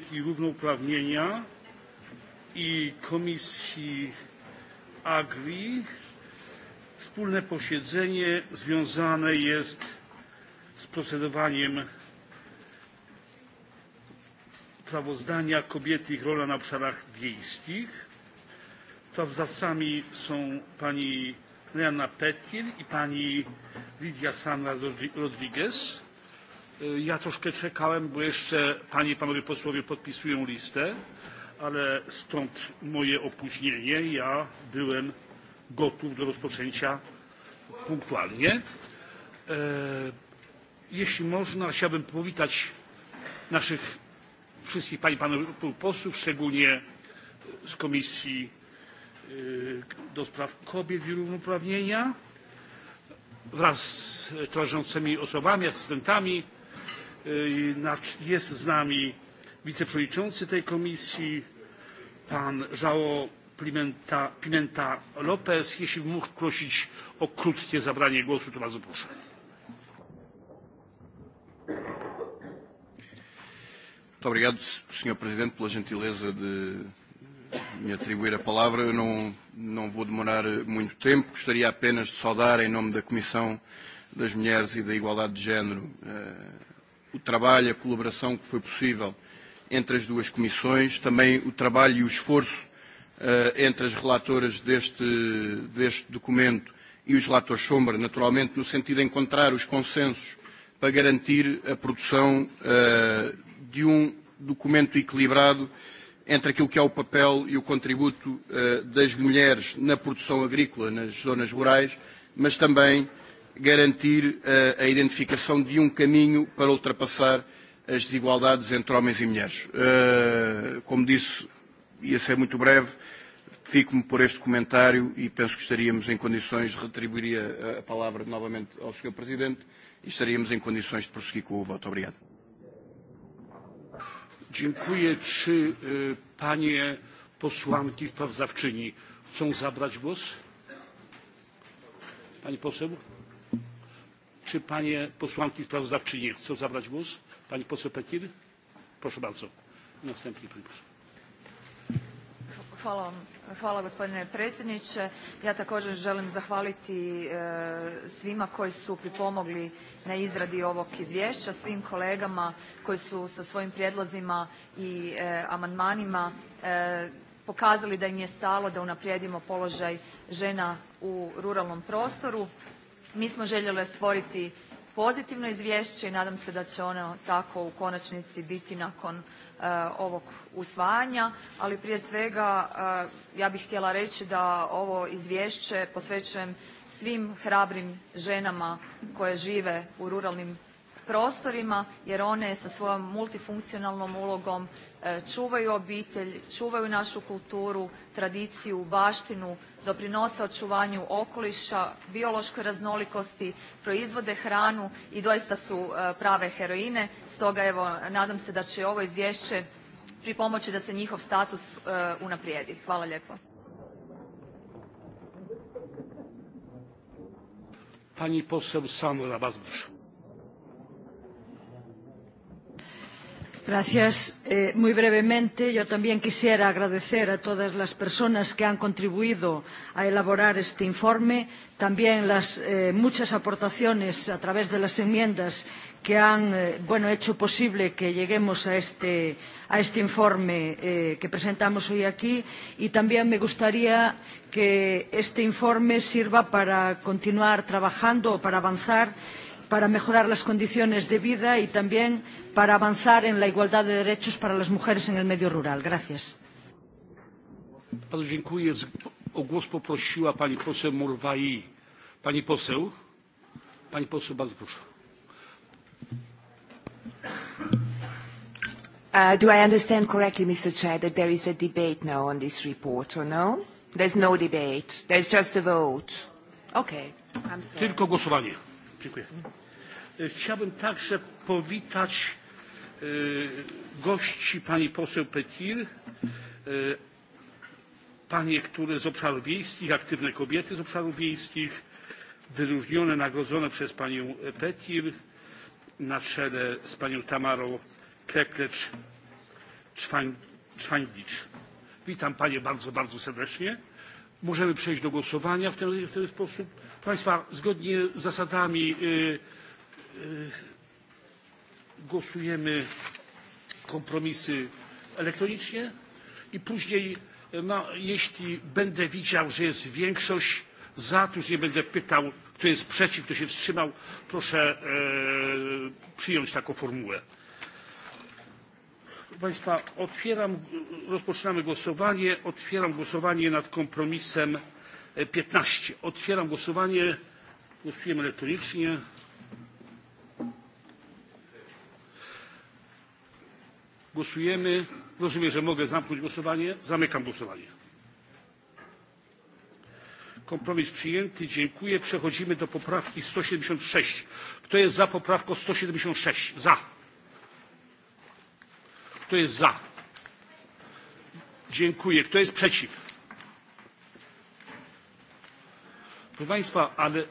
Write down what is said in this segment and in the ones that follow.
Kobiet i Równouprawnienia i Komisji Agri wspólne posiedzenie związane jest z procedowaniem sprawozdania kobiety i ich rola na obszarach wiejskich. Sprawozdawcami są pani Mariana Petir i pani Lidia Sanna Rodriguez ja troszkę czekałem bo jeszcze panie i panowie posłowie podpisują listę ale stąd moje opóźnienie ja byłem gotów do rozpoczęcia punktualnie. E, jeśli można, chciałbym powitać naszych wszystkich pani panów posłów, szczególnie z Komisji e, do spraw kobiet i równouprawnienia wraz z towarzyszącymi osobami, asystentami. E, jest z nami wiceprzewodniczący tej komisji pan joao pimenta lopez. jeśli mógł prosić o krótkie zabranie głosu to bardzo proszę. Obrigado, Sr. Presidente, pela gentileza de me atribuir a palavra. Eu não, não vou demorar muito tempo. Gostaria apenas de saudar, em nome da Comissão das Mulheres e da Igualdade de Género, eh, o trabalho, a colaboração que foi possível entre as duas comissões, também o trabalho e o esforço uh, entre as relatoras deste, deste documento e os relatores sombra, naturalmente, no sentido de encontrar os consensos para garantir a produção uh, de um documento equilibrado entre aquilo que é o papel e o contributo uh, das mulheres na produção agrícola nas zonas rurais, mas também uh, garantir uh, a identificação de um caminho para ultrapassar as desigualdades entre homens e mulheres. Uh, como disse, ia ser muito breve, fico-me por este comentário e penso que estaríamos em condições, retribuiria a palavra novamente ao Sr. Presidente, e estaríamos em condições de prosseguir com o voto. Obrigado. Dziękuję. Czy y, e, panie posłanki sprawozdawczyni chcą zabrać głos? Pani poseł? czy panie posłanki sprawozdawczynie chcą zabrać głos? pani poseł petir? proszę bardzo. następnie pani poseł. Hvala, hvala gospodine predsjedniče. Ja također želim zahvaliti e, svima koji su pripomogli na izradi ovog izvješća, svim kolegama koji su sa svojim prijedlozima i e, amandmanima e, pokazali da im je stalo da unaprijedimo položaj žena u ruralnom prostoru. Mi smo željeli stvoriti pozitivno izvješće i nadam se da će ono tako u konačnici biti nakon uh, ovog usvajanja, ali prije svega uh, ja bih htjela reći da ovo izvješće posvećujem svim hrabrim ženama koje žive u ruralnim prostorima jer one sa svojom multifunkcionalnom ulogom e, čuvaju obitelj, čuvaju našu kulturu, tradiciju, baštinu, doprinose očuvanju okoliša, biološkoj raznolikosti, proizvode hranu i doista su e, prave heroine. Stoga evo nadam se da će ovo izvješće pripomoći da se njihov status e, unaprijedi. Hvala lijepo. Pani poseł Samu Rabazbrz. Gracias. Eh, muy brevemente, yo también quisiera agradecer a todas las personas que han contribuido a elaborar este informe, también las eh, muchas aportaciones a través de las enmiendas que han eh, bueno, hecho posible que lleguemos a este, a este informe eh, que presentamos hoy aquí. Y también me gustaría que este informe sirva para continuar trabajando o para avanzar para mejorar las condiciones de vida y también para avanzar en la igualdad de derechos para las mujeres en el medio rural. Gracias. O głos poprosiła pani poseł Murwai. Pani poseł? Pani poseł, bardzo proszę. Uh, do I understand correctly, Mr. Chair, that there is a debate now on this report, or no? There's no debate. There's just a vote. Okay. I'm sorry. Tylko głosowanie. Dziękuję. E, chciałbym także powitać e, gości pani poseł Petir, e, panie, które z obszarów wiejskich, aktywne kobiety z obszarów wiejskich, wyróżnione, nagrodzone przez panią Petir na czele z panią Tamarą Kreklecz Czwańdicz. Witam panie bardzo, bardzo serdecznie. Możemy przejść do głosowania w ten, w ten sposób. Państwa, zgodnie z zasadami yy, E, głosujemy kompromisy elektronicznie i później no, jeśli będę widział że jest większość za to już nie będę pytał kto jest przeciw kto się wstrzymał proszę e, przyjąć taką formułę. Państwa, otwieram, rozpoczynamy głosowanie. Otwieram głosowanie nad kompromisem 15. E, otwieram głosowanie. Głosujemy elektronicznie. Głosujemy. Rozumiem, że mogę zamknąć głosowanie. Zamykam głosowanie. Kompromis przyjęty. Dziękuję. Przechodzimy do poprawki 176. Kto jest za poprawką 176? Za. Kto jest za? Dziękuję. Kto jest przeciw? Proszę Państwa, ale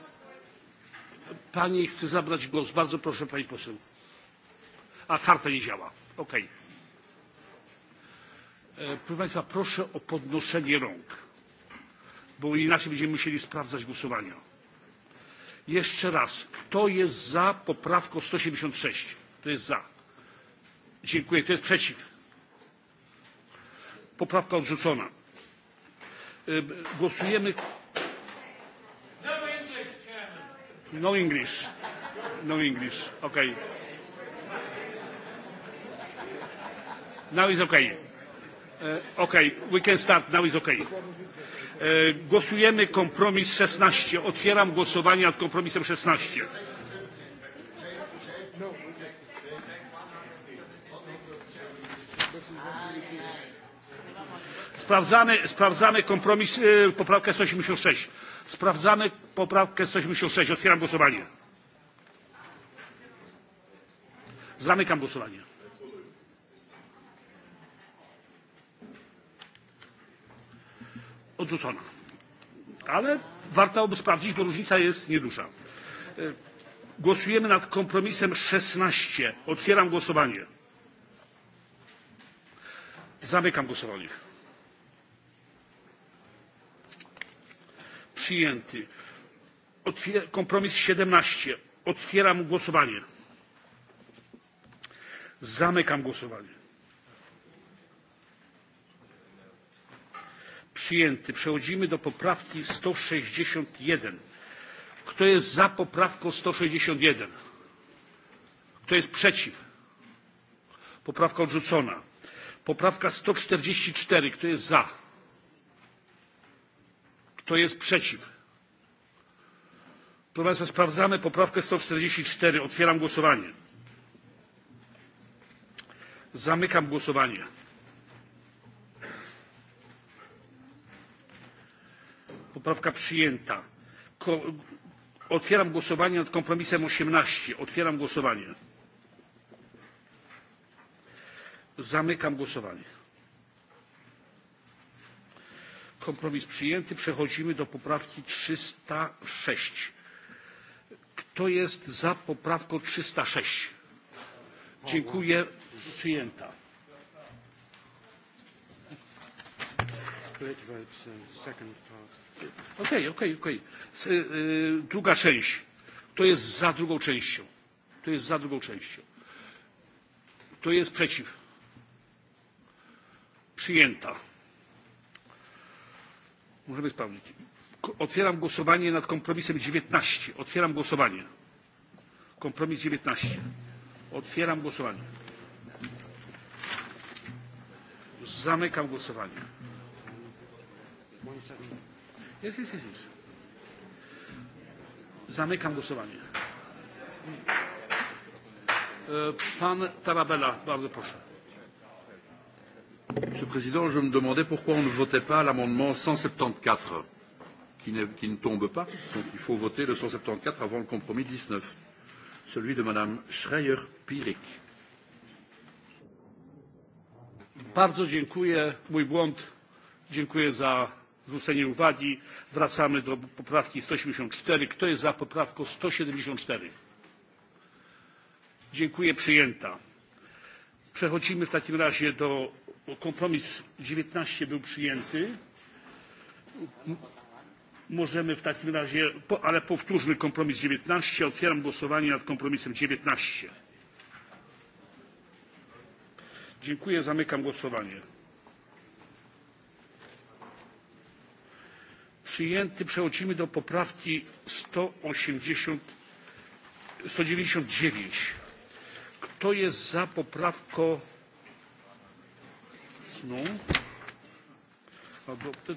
Pani chce zabrać głos. Bardzo proszę Pani poseł. A karta nie działa. Okej. Okay. E, proszę państwa proszę o podnoszenie rąk bo inaczej będziemy musieli sprawdzać głosowania. jeszcze raz kto jest za poprawką sto siedemdziesiąt sześć kto jest za? dziękuję kto jest przeciw? poprawka odrzucona. E, głosujemy no, no English. No English. Okay. Now it's okay. E, okej, okay, we can start, now is okay. E, głosujemy kompromis 16. Otwieram głosowanie nad kompromisem 16. Sprawdzamy, sprawdzamy kompromis, e, poprawkę 186. Sprawdzamy poprawkę 186. Otwieram głosowanie. Zamykam głosowanie. odrzucona. Ale warto by sprawdzić, bo różnica jest nieduża. E, głosujemy nad kompromisem 16. Otwieram głosowanie. Zamykam głosowanie. Przyjęty. Otwier kompromis 17. Otwieram głosowanie. Zamykam głosowanie. przyjęty. Przechodzimy do poprawki 161. Kto jest za poprawką 161? Kto jest przeciw? Poprawka odrzucona. Poprawka 144. Kto jest za? Kto jest przeciw? Proszę Państwa, sprawdzamy poprawkę 144. Otwieram głosowanie. Zamykam głosowanie. poprawka przyjęta. Ko otwieram głosowanie nad kompromisem 18. Otwieram głosowanie. Zamykam głosowanie. Kompromis przyjęty. Przechodzimy do poprawki 306. Kto jest za poprawką 306? Dziękuję. Przyjęta. calculate votes and uh, second part. Okej, okay, okej, okay, okej. Okay. E, druga część. To jest za drugą częścią. To jest za drugą częścią. To jest przeciw. Przyjęta. Możemy sprawdzić. Otwieram głosowanie nad kompromisem 19. Otwieram głosowanie. Kompromis 19. Otwieram głosowanie. Zamykam głosowanie. Jest, jest, jest, jest. Zamykam głosowanie. E, pan Tarabella, bardzo proszę. Monsieur le Président, je me demandais pourquoi on ne votait pas l'amendement 174 qui, qui ne tombe pas. Donc il faut voter le 174 avant le compromis 19, celui de Madame Schreier-Pirik. Bardzo dziękuję. Mój błąd. Dziękuję za zwrócenie uwagi wracamy do poprawki. sto siedemdziesiąt cztery kto jest za poprawką? sto siedemdziesiąt cztery dziękuję przyjęta. przechodzimy w takim razie do kompromis dziewiętnaście był przyjęty. możemy w takim razie ale powtórzmy kompromis dziewiętnaście otwieram głosowanie nad kompromisem dziewiętnaście. dziękuję zamykam głosowanie. przyjęty przechodzimy do poprawki sto dziewięćdzisiąt dziewięć kto jest za poprawką no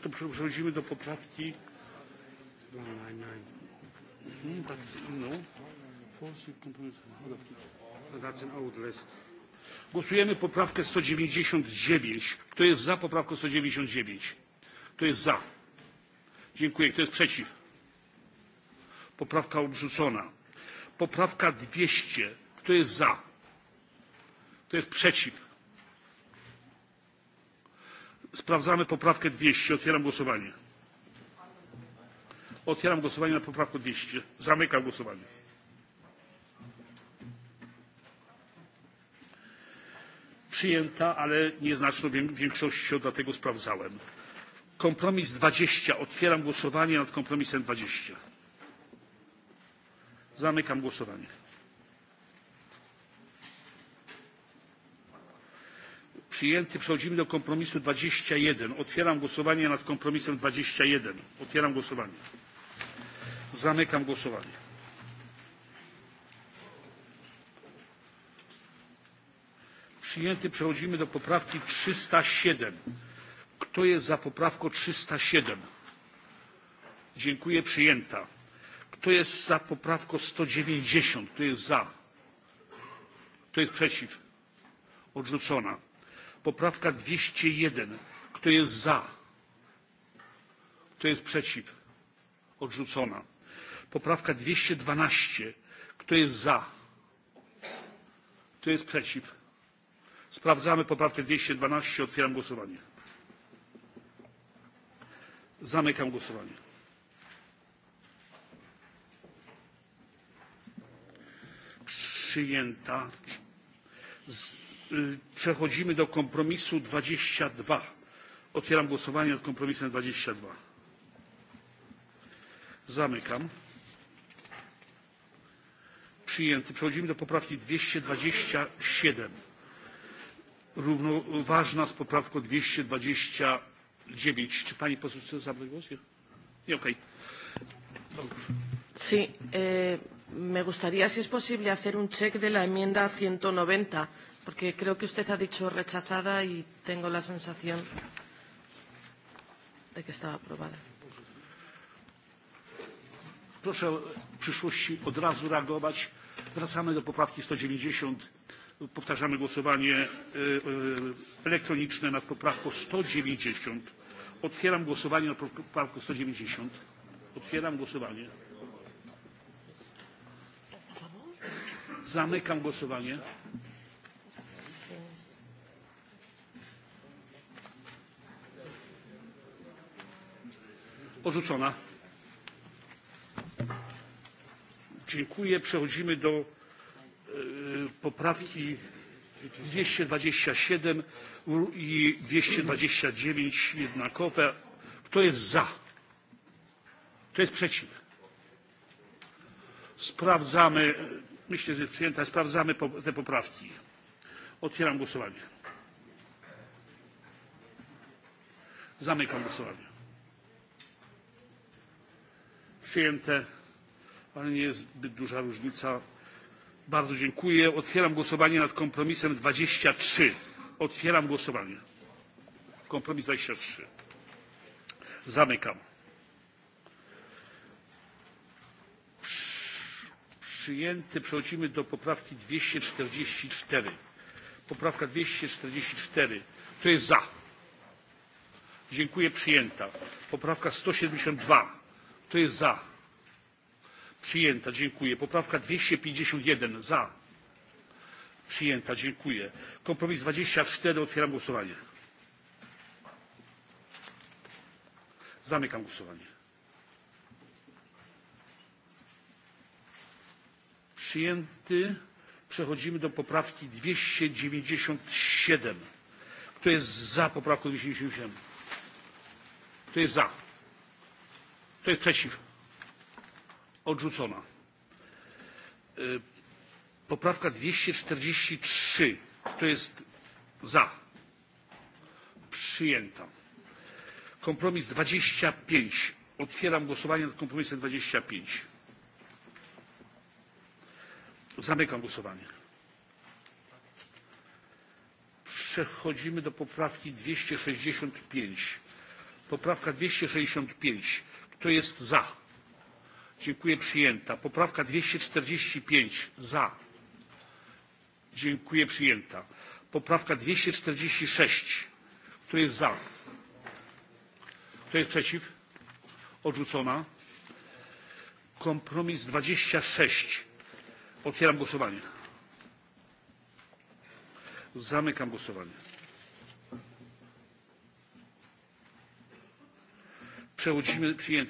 to przechodzimy do poprawki mhm, no. Głosujemy poprawkę 199. Kto jest za poprawką 199? Kto jest za? Dziękuję. Kto jest przeciw? Poprawka odrzucona. Poprawka 200. Kto jest za? Kto jest przeciw? Sprawdzamy poprawkę 200. Otwieram głosowanie. Otwieram głosowanie na poprawkę 200. Zamykam głosowanie. Przyjęta, ale nieznaczną większością, dlatego sprawdzałem kompromis dwadzieścia otwieram głosowanie nad kompromisem. dwadzieścia zamykam głosowanie. przyjęty. przechodzimy do kompromisu. dwadzieścia jeden otwieram głosowanie nad kompromisem. dwadzieścia jeden otwieram głosowanie. zamykam głosowanie. przyjęty. przechodzimy do poprawki trzysta siedem. Kto jest za poprawką 307? Dziękuję, przyjęta. Kto jest za poprawką 190? Kto jest za? Kto jest przeciw? Odrzucona. Poprawka 201. Kto jest za? Kto jest przeciw? Odrzucona. Poprawka 212. Kto jest za? Kto jest przeciw? Sprawdzamy poprawkę 212. Otwieram głosowanie. Zamykam głosowanie. Przyjęta. Przechodzimy do kompromisu 22. Otwieram głosowanie nad kompromisem 22. Zamykam. Przyjęty. Przechodzimy do poprawki 227. Równoważna z poprawką 227 dziewięć. Czy pani pozwoli sobie zabrać głos? Nie, nie okej. Okay. Sí, eh, me gustaría, si es posible, hacer un check de la enmienda 190, porque creo que usted ha dicho rechazada y tengo la sensación de que estaba aprobada. Proszę w przyszłości od razu reagować. Wracamy do poprawki 190 powtarzamy głosowanie e, e, elektroniczne nad poprawką sto dziewięćdzisiąt otwieram głosowanie nad poprawką sto dziewięćdzisiąt otwieram głosowanie zamykam głosowanie odrzucona dziękuję przechodzimy do E, poprawki dwieście dwadzieścia siedem i dwieście dwadzieścia dziewięć jednakowe kto jest za? kto jest przeciw? sprawdzamy myślę że przyjęta sprawdzamy te poprawki otwieram głosowanie zamykam głosowanie przyjęte ale nie jest zbyt duża różnica otwieram głosowanie nad kompromisem dwadzieścia trzy otwieram głosowanie kompromis dwadzieścia trzy zamykam przyjęty przechodzimy do poprawki dwieście czterdzieści cztery poprawka dwieście czterdzieści cztery kto jest za dziękuję przyjęta poprawka sto siedemdziesiąt dwa kto jest za przyjęta. Dziękuję. Poprawka 251 za. Przyjęta. Dziękuję. Kompromis 24. Otwieram głosowanie. Zamykam głosowanie. Przyjęty. Przechodzimy do poprawki 297. Kto jest za poprawką 297? Kto jest za? Kto jest przeciw? odrzucona. E, poprawka dwieście czterdzieści trzy kto jest za? Przyjęta. Kompromis dwadzieścia pięć. Otwieram głosowanie nad kompromisem dwadzieścia pięć. Zamykam głosowanie. Przechodzimy do poprawki 265. Poprawka 265. Kto jest za? dziękuję przyjęta poprawka dwieście czterdzieści pięć za dziękuję przyjęta poprawka dwieście czterdzieści sześć kto jest za kto jest przeciw odrzucona kompromis dwadzieścia sześć otwieram głosowanie zamykam głosowanie.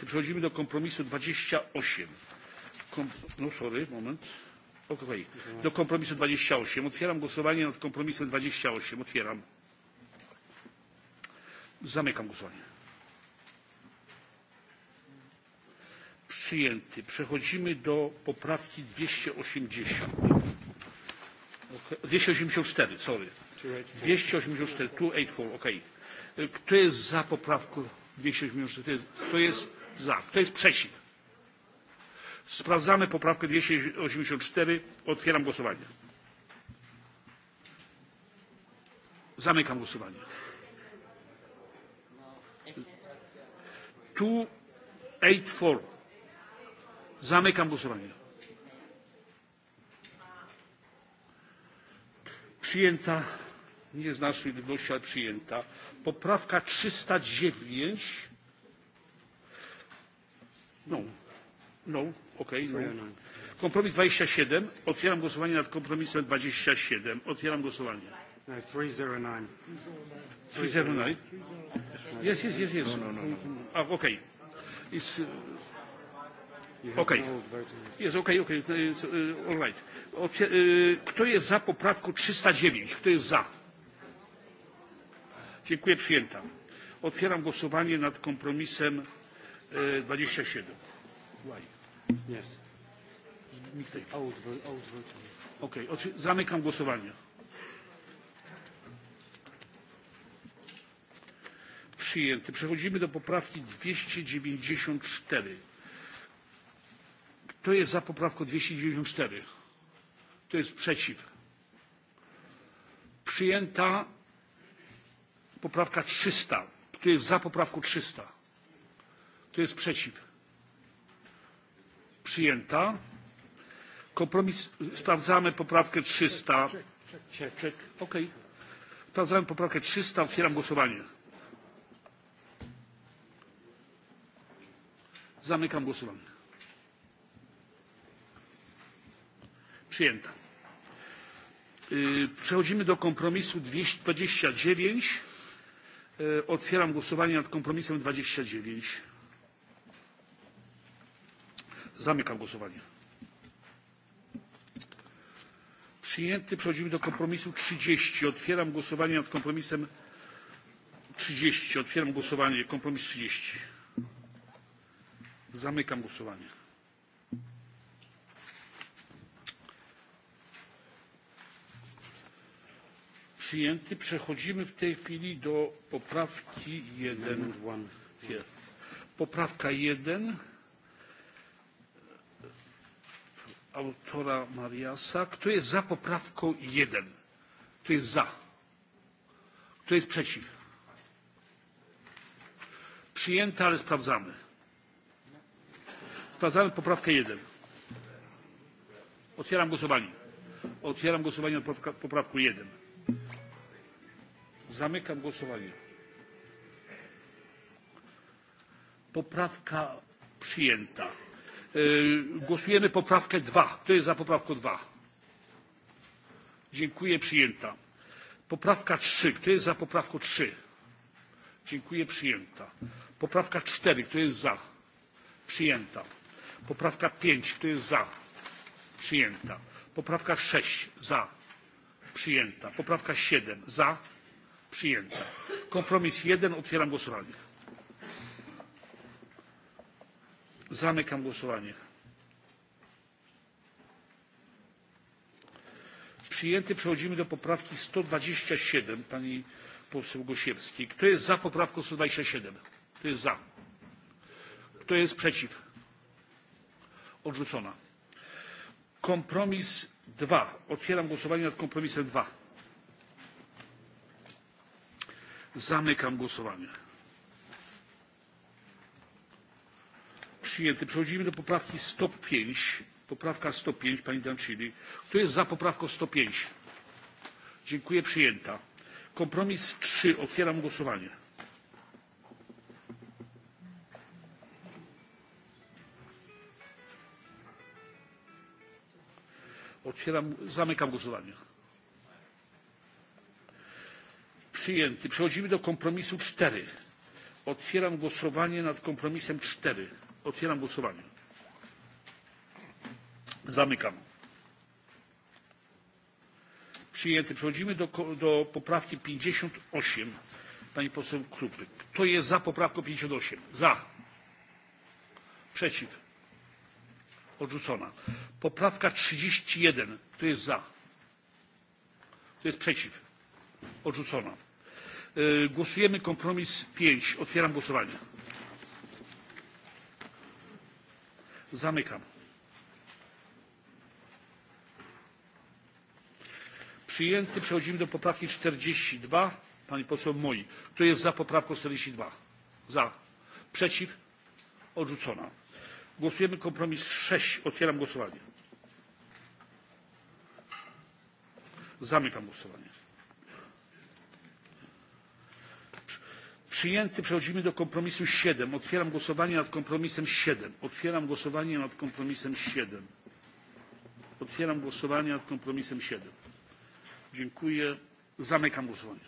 przechodzimy no, do kompromisu dwadzieścia osiem otwieram głosowanie nad kompromisem dwadzieścia osiem otwieram zamykam głosowanie przyjęty przechodzimy do poprawki dwieście osiemdziesiąt dwieście osiemdziesiąt cztery sorry dwieście osiemdziesiąt cztery dwieście osiemdziesiąt cztery ok kto jest za poprawką? 280. Kto jest za? Kto jest przeciw? Sprawdzamy poprawkę 284. Otwieram głosowanie. Zamykam głosowanie. Tu 8-4. Zamykam głosowanie. Przyjęta nie z naszej ludności, ale przyjęta. Poprawka 309. No, no, okej. Okay. No. Kompromis 27. Otwieram głosowanie nad kompromisem 27. Otwieram głosowanie. No, 309. 309. Jest, jest, jest. No, no, no. no. Okej. Okay. Okej, okay. No jest okej, okay, okej, okay. No, all right. Kto jest za poprawką 309? Kto jest za? dziękuję przyjęta. otwieram głosowanie nad kompromisem e, dwadzieścia siedem. zamykam głosowanie. przyjęty. przechodzimy do poprawki dwieście dziewięćdzisiąt cztery. kto jest za poprawką dwieście dziewięćdzisiąt cztery? kto jest przeciw? przyjęta poprawka trzysta kto jest za poprawką trzysta kto jest przeciw? przyjęta kompromis sprawdzamy poprawkę trzysta ok sprawdzamy poprawkę trzysta otwieram głosowanie zamykam głosowanie przyjęta przechodzimy do kompromisu dwieście dwadzieścia dziewięć E, otwieram głosowanie nad kompromisem dwadzieścia dziewięć zamykam głosowanie przyjęty przechodzimy do kompromisu trzydzieści otwieram głosowanie nad kompromisem trzydzieści otwieram głosowanie kompromis trzydzieści zamykam głosowanie przyjęty. Przechodzimy w tej chwili do poprawki 1. Poprawka 1 autora Mariasa. Kto jest za poprawką 1? Kto jest za? Kto jest przeciw? Przyjęta, ale sprawdzamy. Sprawdzamy poprawkę 1. Otwieram głosowanie. Otwieram głosowanie na poprawkę 1 zamykam głosowanie poprawka przyjęta głosujemy poprawkę dwa kto jest za poprawką dwa dziękuję przyjęta poprawka trzy kto jest za poprawką trzy dziękuję przyjęta poprawka cztery kto jest za przyjęta poprawka pięć kto jest za przyjęta poprawka sześć za przyjęta poprawka siedem za przyjęta. Kompromis jeden. Otwieram głosowanie. Zamykam głosowanie. Przyjęty. Przechodzimy do poprawki 127 pani poseł Gosiewskiej. Kto jest za poprawką 127? Kto jest za? Kto jest przeciw? Odrzucona. Kompromis 2. Otwieram głosowanie nad kompromisem 2. Zamykam głosowanie. Przyjęty. Przechodzimy do poprawki 105. Poprawka 105, pani Dancili. Kto jest za poprawką 105? Dziękuję, przyjęta. Kompromis 3. Otwieram głosowanie. Otwieram, zamykam głosowanie. przyjęty. Przechodzimy do kompromisu cztery. Otwieram głosowanie nad kompromisem cztery. Otwieram głosowanie. Zamykam. Przyjęty. Przechodzimy do, do poprawki 58. Pani poseł Krupy. Kto jest za poprawką 58? Za. Przeciw. Odrzucona. Poprawka 31. Kto jest za? Kto jest przeciw? Odrzucona. E, głosujemy nad kompromisem. pięć otwieram głosowanie. zamykam. przyjęty. przechodzimy do poprawki czterdzieści dwa pani poseł moi. kto jest za poprawką czterdzieści dwa? za. przeciw? odrzucona. głosujemy nad kompromisem. sześć otwieram głosowanie. zamykam głosowanie. przyjęty przechodzimy do kompromisu. siedem otwieram głosowanie nad kompromisem. siedem otwieram głosowanie nad kompromisem. siedem otwieram głosowanie nad kompromisem. siedem dziękuję zamykam głosowanie.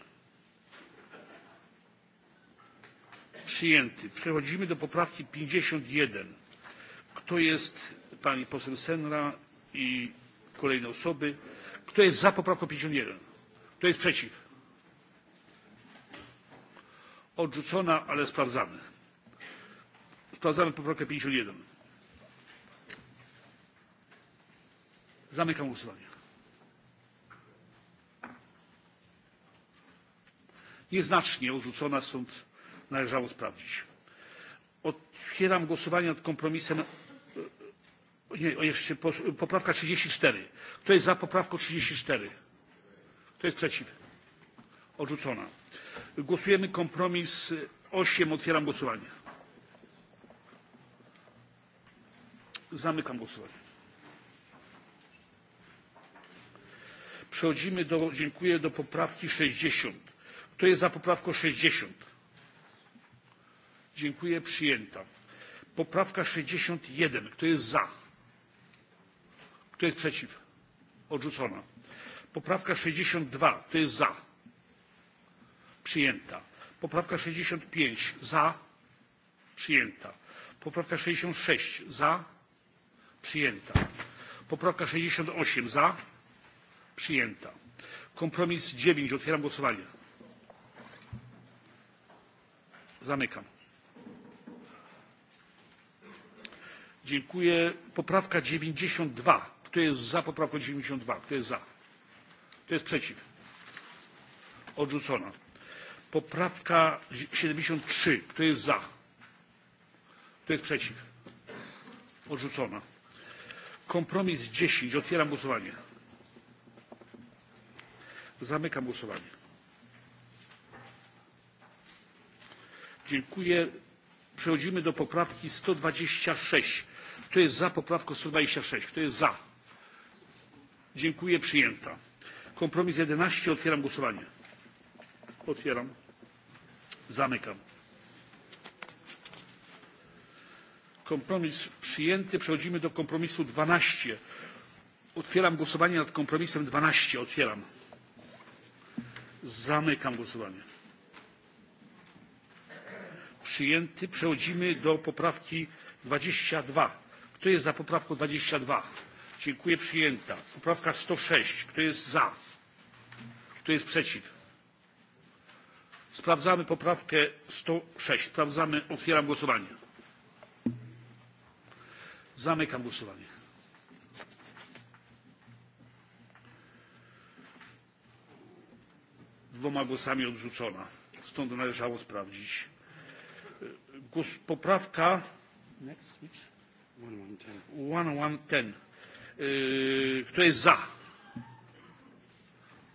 przyjęty przechodzimy do poprawki pięćdziesiąt jeden kto jest pani poseł senra i kolejne osoby kto jest za poprawką pięćdziesiąt jeden kto jest przeciw? odrzucona ale sprawdzamy. sprawdzamy poprawkę. pięćdziesiąt jeden zamykam głosowanie. nieznacznie odrzucona stąd należało sprawdzić. otwieram głosowanie nad kompromisem. E, nie jeszcze poprawka trzydzieści cztery kto jest za poprawką trzydzieści cztery? kto jest przeciw? odrzucona głosujemy nad kompromisem. osiem otwieram głosowanie. zamykam głosowanie. przechodzimy do dziękuję do poprawki sześćdziesiąt. kto jest za poprawką sześćdziesiąt? dziękuję przyjęta. poprawka sześćdziesiąt jeden kto jest za? kto jest przeciw? odrzucona. poprawka sześćdziesiąt dwa kto jest za? przyjęta poprawka sześćdziesiąt pięć za przyjęta poprawka sześćdziesiąt sześć za przyjęta poprawka sześćdziesiąt osiem za przyjęta kompromis dziewięć otwieram głosowanie zamykam dziękuję poprawka dziewięćdziesiąt dwa kto jest za poprawką dziewięćdziesiąt dwa kto jest za kto jest przeciw odrzucona poprawka 73. Kto jest za? Kto jest przeciw? Odrzucona. Kompromis 10. Otwieram głosowanie. Zamykam głosowanie. Dziękuję. Przechodzimy do poprawki 126. Kto jest za poprawką 126? Kto jest za? Dziękuję. Przyjęta. Kompromis 11. Otwieram głosowanie. Otwieram zamykam. kompromis przyjęty przechodzimy do kompromisu dwanaście otwieram głosowanie nad kompromisem dwanaście otwieram zamykam głosowanie przyjęty przechodzimy do poprawki dwadzieścia dwa kto jest za poprawką dwadzieścia dwa dziękuję przyjęta poprawka sto sześć kto jest za kto jest przeciw sprawdzamy poprawkę sto sześć sprawdzamy otwieram głosowanie zamykam głosowanie dwoma głosami odrzucona stąd należało sprawdzić poprawka one one ten kto jest za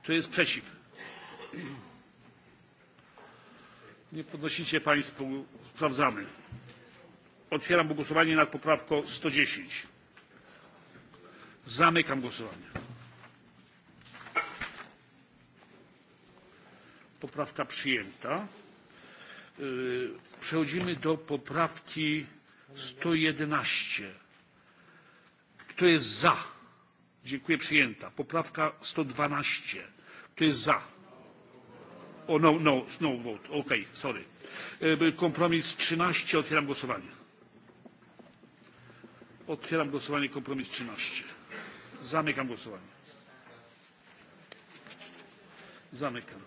kto jest przeciw? Nie podnosicie państwo, sprawdzamy. Otwieram głosowanie nad poprawką 110. Zamykam głosowanie. Poprawka przyjęta. Przechodzimy do poprawki 111. Kto jest za? Dziękuję, przyjęta. Poprawka 112. Kto jest za? O, no, no, no vote, okej, okay, sorry. E, kompromis 13, otwieram głosowanie. Otwieram głosowanie kompromis 13. Zamykam głosowanie. Zamykam.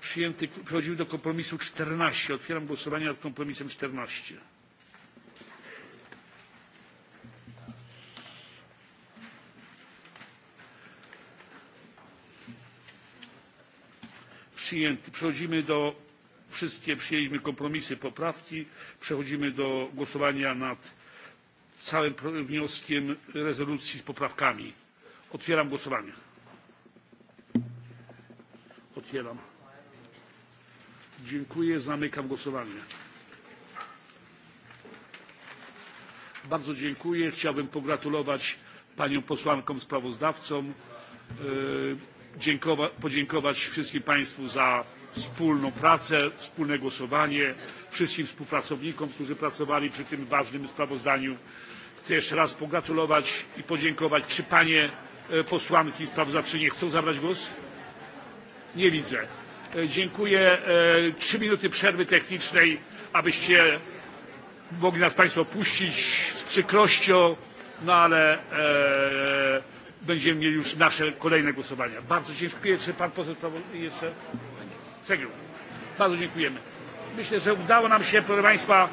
Przyjęty, przechodzimy do kompromisu 14. Otwieram głosowanie nad kompromisem 14. przyjęty. wszystkie przyjęliśmy kompromisy poprawki przechodzimy do głosowania nad całym wnioskiem rezolucji z poprawkami. otwieram głosowanie. otwieram. dziękuję. zamykam głosowanie. bardzo dziękuję. chciałbym pogratulować paniom posłankom sprawozdawcom podziękować wszystkim państwu za wspólną pracę wspólne głosowanie wszystkim współpracownikom którzy pracowali przy tym ważnym sprawozdaniu. chcę jeszcze raz pogratulować i podziękować czy panie e, posłanki sprawozdawczynie chcą zabrać głos? nie widzę. E, dziękuję. E, trzy minuty przerwy technicznej abyście mogli nas państwo opuścić z przykrością no ale ee, będziemy mieli już nasze kolejne głosowania. Bardzo dziękuję. Czy pan poseł jeszcze? Cegiel. Bardzo dziękujemy. Myślę, że udało nam się, proszę państwa,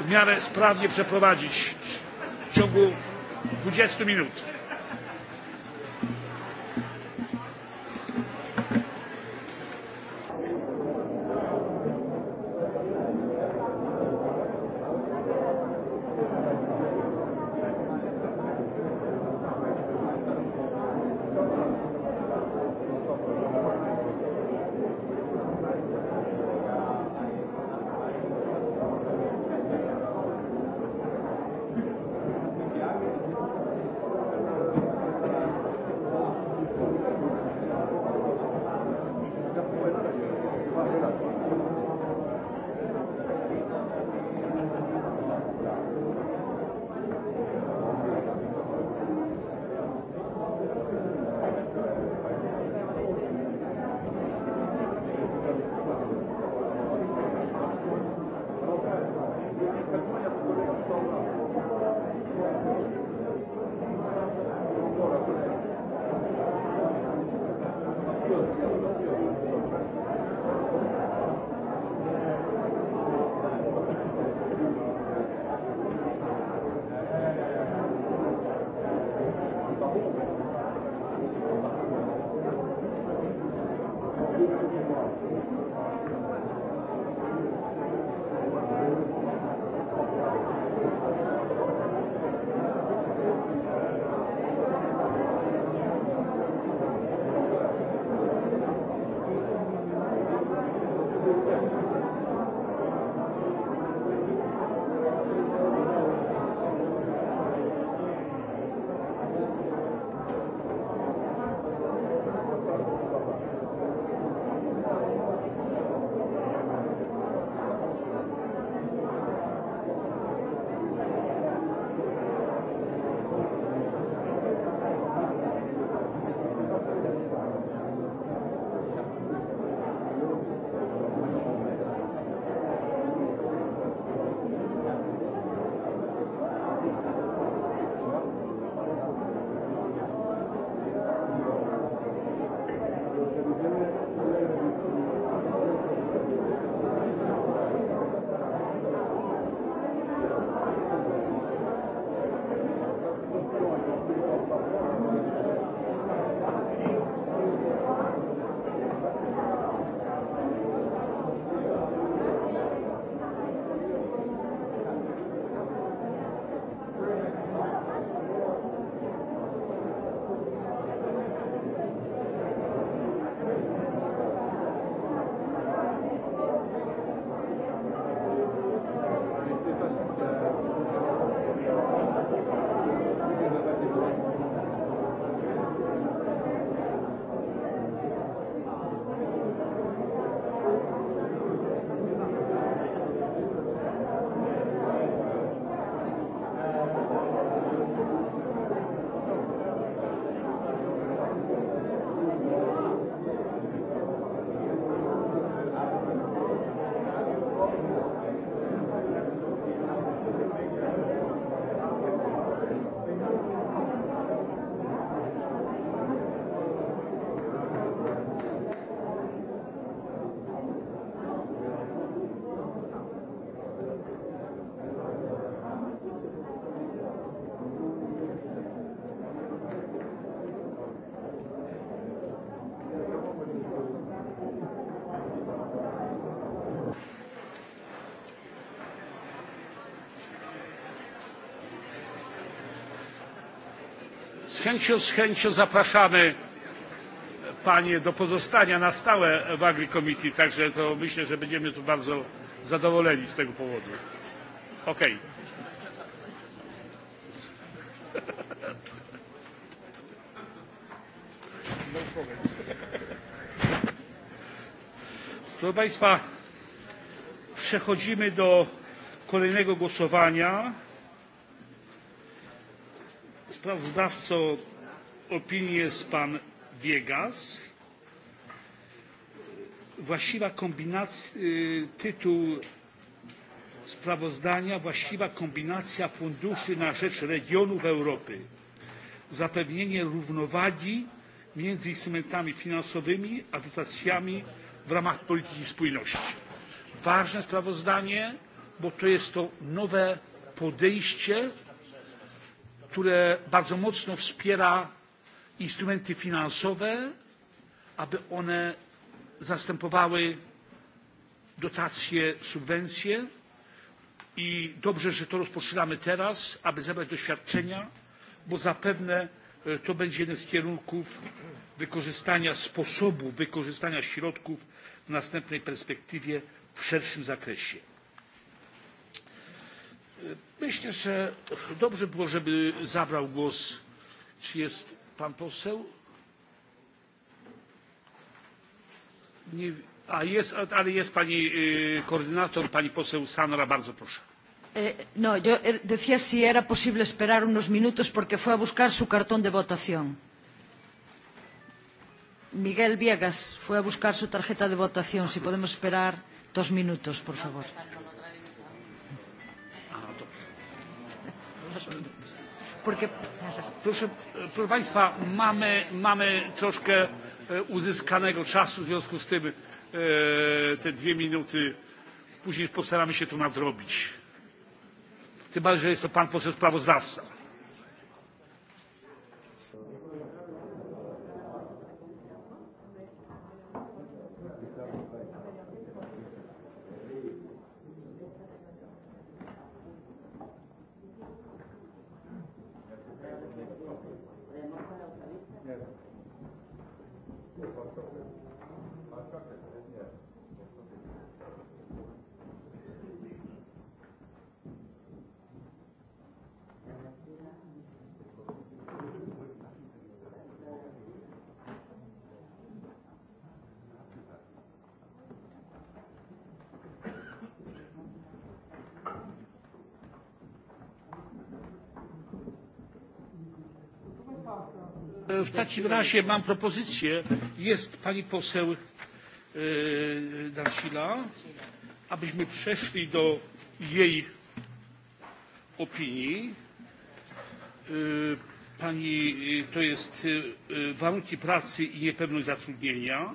w miarę sprawnie przeprowadzić w ciągu 20 minut. chęcią z chęcią zapraszamy e, panie do pozostania na stałe w agrikomitecie tak że to myślę że będziemy tu bardzo zadowoleni z tego powodu. okej. Proszę Państwa, przechodzimy do kolejnego głosowania sprawozdawco opinii jest pan biegas. właściwa kombinacja tytuł sprawozdania właściwa kombinacja funduszy na rzecz regionów europy zapewnienie równowagi między instrumentami finansowymi a dotacjami w ramach polityki spójności. ważne sprawozdanie bo to jest to nowe podejście które bardzo mocno wspiera instrumenty finansowe aby one zastępowały dotacje subwencje i dobrze że to rozpoczynamy teraz aby zebrać doświadczenia bo zapewne e, to będzie jeden z kierunków wykorzystania sposobu wykorzystania środków w następnej perspektywie w szerszym zakresie. Myślę, że dobrze było, żeby zabrał głos. Czy jest pan poseł? Nie, a jest, ale jest pani y, koordynator, pani poseł Sanora, bardzo proszę. E, no, yo er, decía si era posible esperar unos minutos porque fue a buscar su cartón de votación. Miguel Viegas fue a buscar su tarjeta de votación. Si podemos esperar dos minutos, por favor. No, przepraszam. Porque, proszę, proszę Państwa, mamy, mamy troszkę e, uzyskanego czasu, w związku z tym e, te dwie minuty później postaramy się to nadrobić. Chyba, że jest to pan poseł sprawozdawca. takim razie mam propozycję. Jest pani poseł e, Darsila, abyśmy przeszli do jej opinii. E, pani, to jest e, warunki pracy i niepewność zatrudnienia.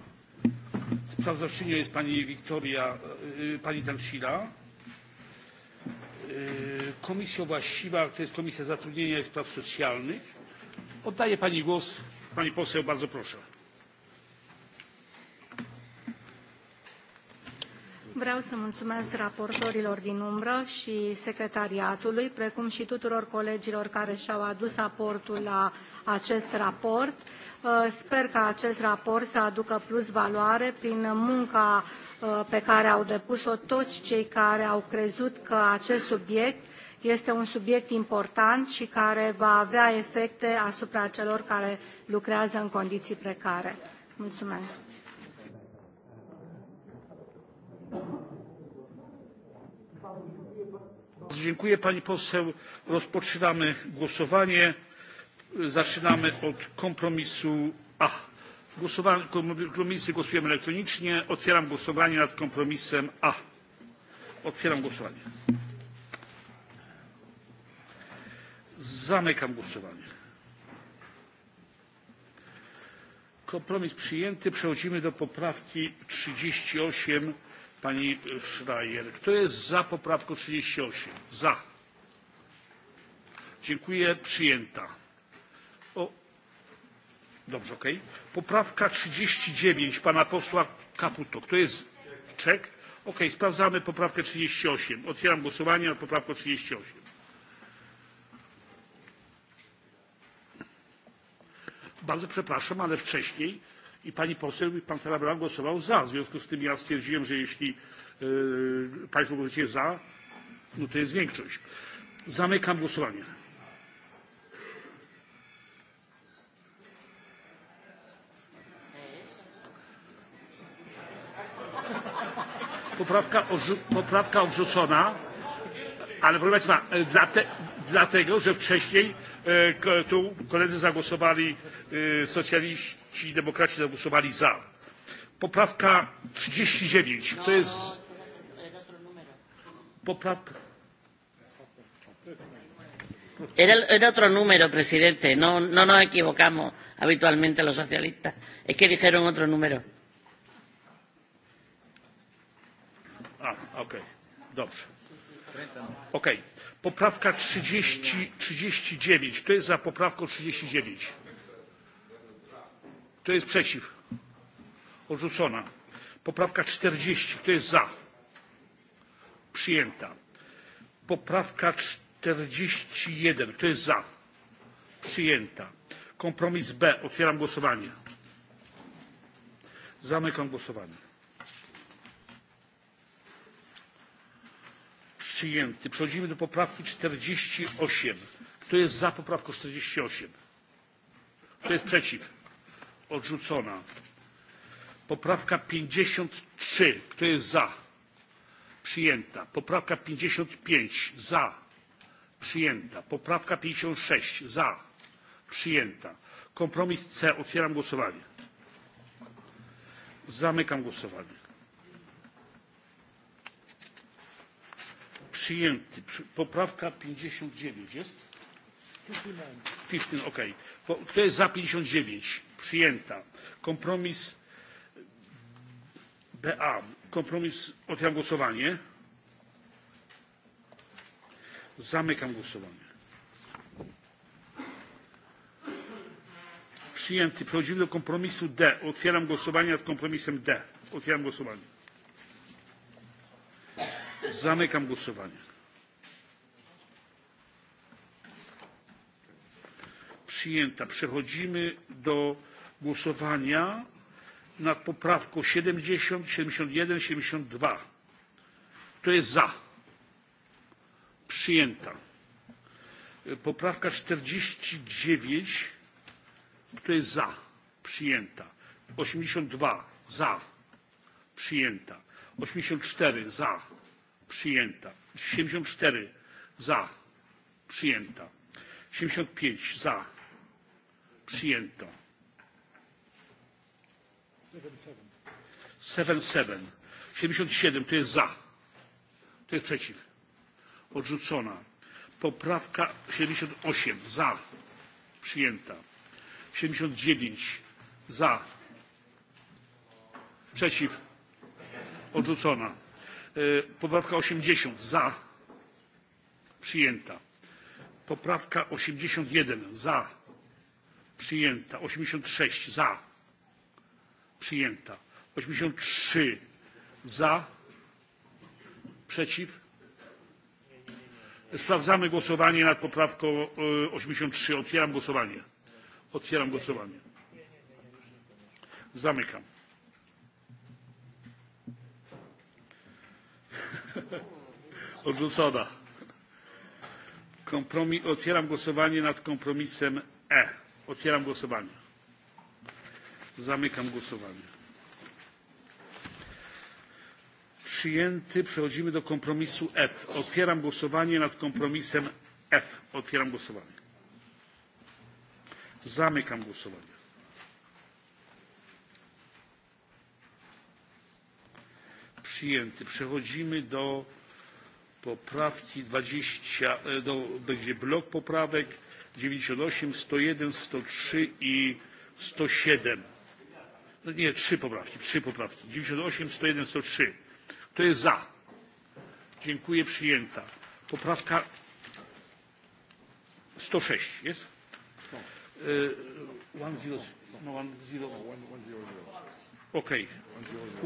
Sprawozdawczynią jest pani Wiktoria, pani Danchila. Komisja właściwa to jest Komisja Zatrudnienia i Spraw Socjalnych oddaję pani głos pani poseł bardzo proszę Vreau să mulțumesc raportorilor din umbră și secretariatului, precum și tuturor colegilor care și-au adus aportul la acest raport. Uh, sper ca acest raport să aducă plus valoare prin munca uh, pe care au depus-o toți cei care au crezut că acest subiect este un subiect important și care va avea efecte asupra celor care lucrează în condiții precare. Mulțumesc! Dziękuję pani poseł. Rozpoczynamy głosowanie. Zaczynamy od kompromisu A. Kompromisy głosujemy elektronicznie. Otwieram głosowanie nad kompromisem A. Otwieram głosowanie. głosowanie. Zamykam głosowanie. Kompromis przyjęty. Przechodzimy do poprawki 38 pani Schreier. Kto jest za poprawką 38? Za. Dziękuję. Przyjęta. O. Dobrze, ok. Poprawka 39 pana posła Caputo. Kto jest? Czek. Ok. Sprawdzamy poprawkę 38. Otwieram głosowanie na poprawkę 38. bardzo przepraszam ale wcześniej i pani poseł i pan ferber głosował za w związku z tym ja stwierdziłem że jeśli e, państwo głosujecie za no to jest większość. zamykam głosowanie. poprawka odrzucona. Ale proszę Państwa, e, dlate, dlatego, że wcześniej e, tu koledzy zagłosowali, e, socjaliści i demokraci zagłosowali za. Poprawka 39, to jest... Poprawka... Era, era otro número, presidente. No, no nos equivocamos habitualmente los socialistas. Es que dijeron otro número. Ah, ok. Dobrze poprawka trzydzieści trzydzieści dziewięć kto jest za poprawką trzydzieści dziewięć kto jest przeciw? odrzucona poprawka czterdzieści kto jest za? przyjęta poprawka czterdzieści jeden kto jest za? przyjęta kompromis b otwieram głosowanie zamykam głosowanie przyjęty. Przechodzimy do poprawki czterdzieści osiem. Kto jest za poprawką czterdzieści osiem? Kto jest przeciw? Odrzucona. Poprawka pięćdziesiąt trzy. Kto jest za? Przyjęta. Poprawka pięćdziesiąt pięć. Za. Przyjęta. Poprawka pięćdziesiąt sześć. Za. Przyjęta. Kompromis C. Otwieram głosowanie. Zamykam głosowanie. przyjęty. Poprawka 59 jest? 59, okej. Okay. Kto jest za 59? Przyjęta. Kompromis BA. Kompromis, otwieram głosowanie. Zamykam głosowanie. Przyjęty. Przechodzimy do kompromisu D. Otwieram głosowanie nad kompromisem D. Otwieram głosowanie zamykam głosowanie. przyjęta. Przechodzimy do głosowania nad poprawką 70, 71, 72. Kto jest za? Przyjęta. Poprawka 49. Kto jest za? Przyjęta. 82. Za. Przyjęta. 84. Za przyjęta. 74 za, przyjęta. 75 za, przyjęta. 77. 77 to jest za, to jest przeciw. Odrzucona. Poprawka 78 za, przyjęta. 79 za, przeciw. Odrzucona. E, poprawka osiemdziesiąt za przyjęta poprawka osiemdziesiąt jeden za przyjęta osiemdziesiąt sześć za przyjęta osiemdziesiąt trzy za przeciw sprawdzamy głosowanie nad poprawką e, osiemdziesiąt trzy otwieram głosowanie otwieram głosowanie zamykam odrzucona. Kompromis, otwieram głosowanie nad kompromisem E. Otwieram głosowanie. Zamykam głosowanie. Przyjęty. Przechodzimy do kompromisu F. Otwieram głosowanie nad kompromisem F. Otwieram głosowanie. Zamykam głosowanie. przyjęty. Przechodzimy do poprawki 20, e, do, będzie blok poprawek 98, 101, 103 i 107. No nie, trzy poprawki, trzy poprawki. 98, 101, 103. Kto jest za? Dziękuję, przyjęta. Poprawka 106, jest? Yy, e, one zero, no one zero. Okej,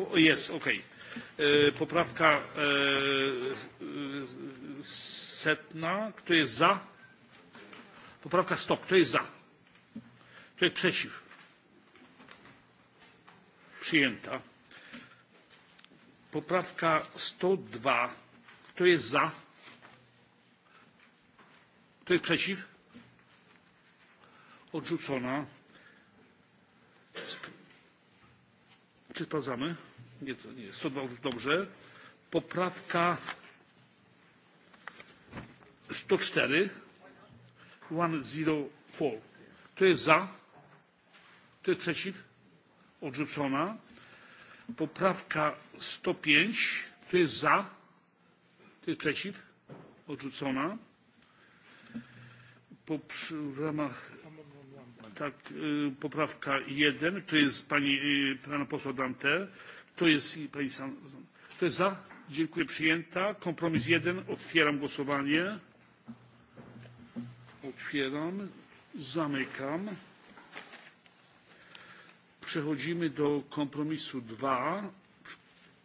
okay. jest, okej. Okay. E, poprawka e, e, setna. Kto jest za? Poprawka stop. Kto jest za? Kto jest przeciw? Przyjęta. Poprawka 102. Kto jest za? Kto jest przeciw? Odrzucona. Czy sprawdzamy? nie to nie jest, 102 już dobrze. Poprawka 104. 104. To jest za. To jest przeciw. Odrzucona. Poprawka 105. To jest za. To jest przeciw. Odrzucona. Po, w ramach. Tak, y, poprawka 1. To jest pani y, pana posła Dante kompromis jeden otwieram głosowanie. otwieram zamykam. przechodzimy do kompromisu dwa.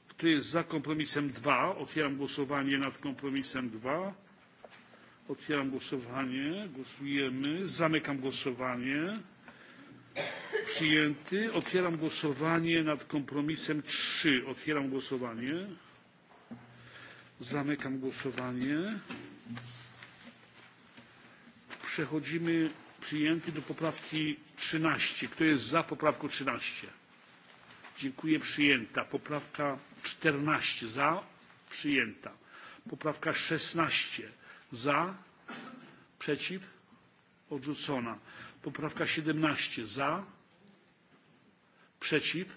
kto jest za kompromisem dwa otwieram głosowanie nad kompromisem dwa. otwieram głosowanie głosujemy zamykam głosowanie przyjęty. otwieram głosowanie nad kompromisem. trzy otwieram głosowanie. zamykam głosowanie. przechodzimy przyjęty do poprawki trzynaście. kto jest za poprawką trzynaście? dziękuję przyjęta. poprawka czternaście za przyjęta. poprawka szesnaście za przeciw odrzucona. poprawka siedemnaście za przeciw?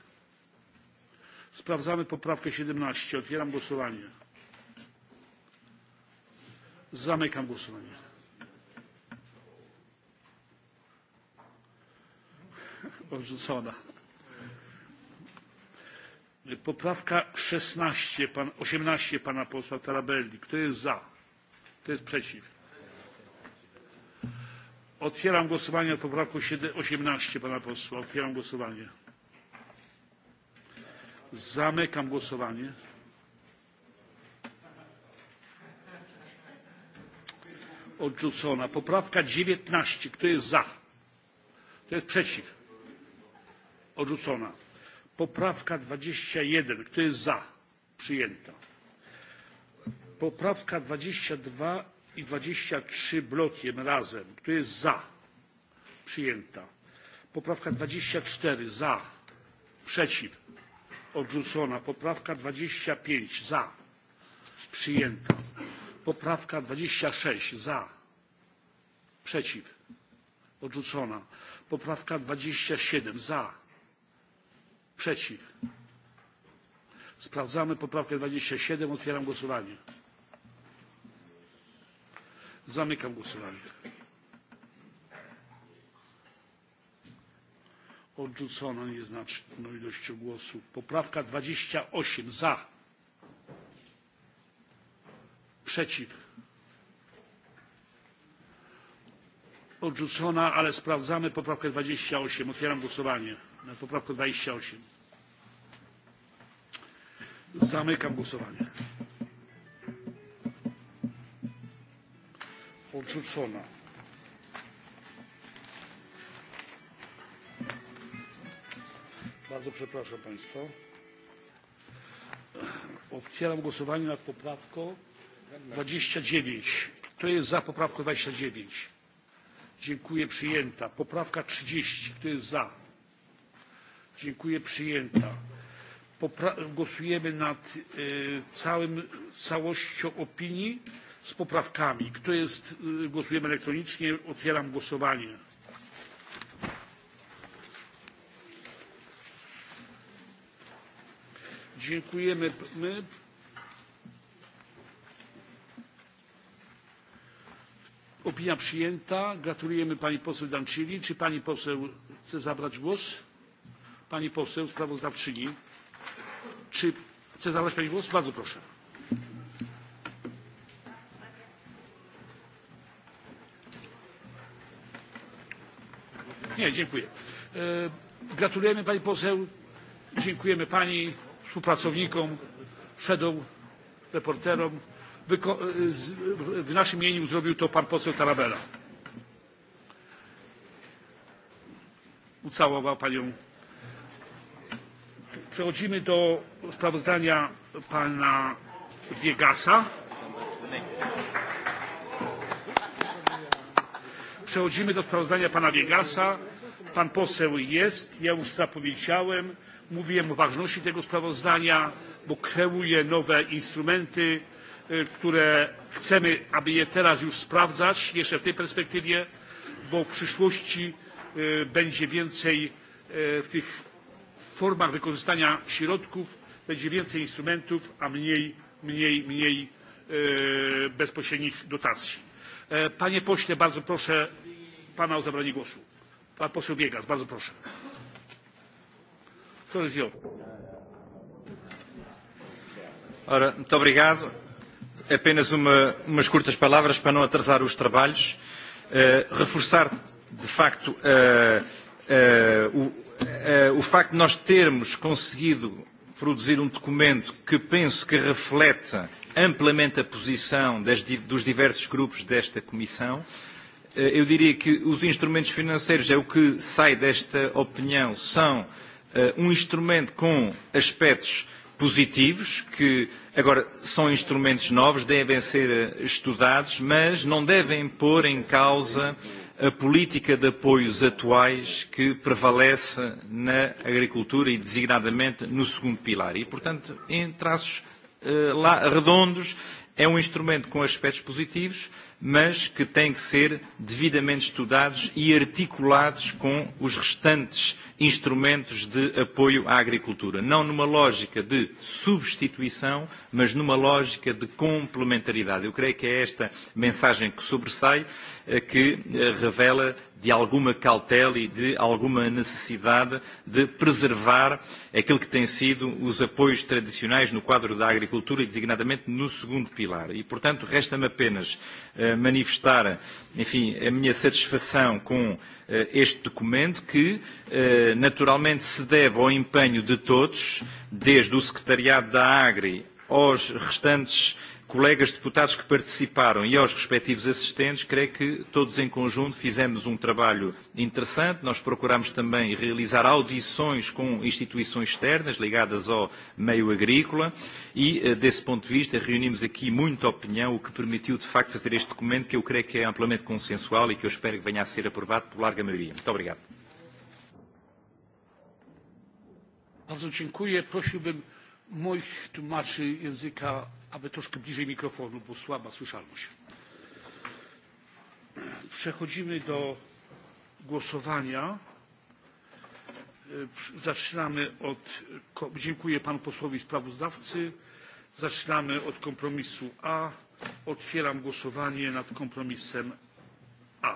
Sprawdzamy poprawkę 17. Otwieram głosowanie. Zamykam głosowanie. Odrzucona. Poprawka 16, pan, 18 pana posła Tarabelli. Kto jest za? Kto jest przeciw? Otwieram głosowanie nad poprawką 18 pana posła. Otwieram głosowanie. Zamykam głosowanie. Odrzucona. Poprawka 19. Kto jest za? Kto jest przeciw? Odrzucona. Poprawka 21. Kto jest za? Przyjęta. Poprawka 22 i 23 blokiem razem. Kto jest za? Przyjęta. Poprawka 24. Za. Przeciw odrzucona poprawka dwadzieścia pięć za przyjęta poprawka dwadzieścia sześć za przeciw odrzucona poprawka dwadzieścia siedem za przeciw sprawdzamy poprawkę dwadzieścia siedem otwieram głosowanie zamykam głosowanie odrzucono nieznaczną ilością głosów. Poprawka 28 za. Przeciw. Odrzucona, ale sprawdzamy poprawkę 28. Otwieram głosowanie na poprawkę 28. Zamykam głosowanie. Odrzucona. Bardzo przepraszam Państwa. Otwieram głosowanie nad poprawką 29. Kto jest za poprawką 29? Dziękuję. Przyjęta. Poprawka 30. Kto jest za? Dziękuję. Przyjęta. Popra głosujemy nad y, e, całym, całością opinii z poprawkami. Kto jest, y, e, głosujemy elektronicznie. Otwieram głosowanie. Dziękujemy. My. Opinia przyjęta. Gratulujemy pani poseł Danczyli. Czy pani poseł chce zabrać głos? Pani poseł sprawozdawczyni. Czy chce zabrać pani głos? Bardzo proszę. Nie, dziękuję. E, gratulujemy pani poseł. Dziękujemy pani współpracownikom, shadow reporterom. W naszym imieniu zrobił to pan poseł Tarabella. Ucałował panią. Przechodzimy do sprawozdania pana Wiegasa. Przechodzimy do sprawozdania pana Wiegasa pan poseł jest ja już zapowiedziałem mówiłem o ważności tego sprawozdania bo kreuje nowe instrumenty które chcemy aby je teraz już sprawdzać jeszcze w tej perspektywie bo w przyszłości będzie więcej w tych formach wykorzystania środków będzie więcej instrumentów a mniej mniej mniej bezpośrednich dotacji. E, panie pośle bardzo proszę pana o zabranie głosu. Pan poseł Biegas, bardzo proszę. Ora, muito obrigado. Apenas uma, umas curtas palavras para não atrasar os trabalhos. Uh, reforçar, de facto, uh, uh, o, uh, o facto de nós termos conseguido produzir um documento que penso que reflete amplamente a posição das, dos diversos grupos desta Comissão. Uh, Eh, eu diria que os instrumentos financeiros, é o que sai desta opinião, são eh, um instrumento com aspectos positivos, que agora são instrumentos novos, devem ser eh, estudados, mas não devem pôr em causa a política de apoios atuais que prevalece na agricultura e designadamente no segundo pilar. E, portanto, em traços uh, lá redondos, é um instrumento com aspectos positivos, uh, mas que têm que ser devidamente estudados e articulados com os restantes instrumentos de apoio à agricultura. Não numa lógica de substituição, mas numa lógica de complementaridade. Eu creio que é esta mensagem que sobressai Eh, que eh, revela de alguma cautela e de alguma necessidade de preservar aquilo que tem sido os apoios tradicionais no quadro da agricultura e designadamente no segundo pilar. E, portanto, resta-me apenas eh, manifestar, enfim, a minha satisfação com este documento que, naturalmente, se deve ao empenho de todos, desde o Secretariado da Agri aos restantes colegas deputados que participaram e aos respectivos assistentes, creio que todos em conjunto fizemos um trabalho interessante. Nós procuramos também realizar audições com instituições externas ligadas ao meio agrícola e, eh, desse ponto de vista, reunimos aqui muita opinião, o que permitiu, de facto, fazer este documento que eu creio que é amplamente consensual e que eu espero que venha a ser aprovado por larga maioria. Muito obrigado. Bardzo dziękuję. Prosiłbym moich tłumaczy języka aby troszkę bliżej mikrofonu, bo słaba słyszalność. Przechodzimy do głosowania. E, zaczynamy od. Dziękuję panu posłowi sprawozdawcy. Zaczynamy od kompromisu A. Otwieram głosowanie nad kompromisem A.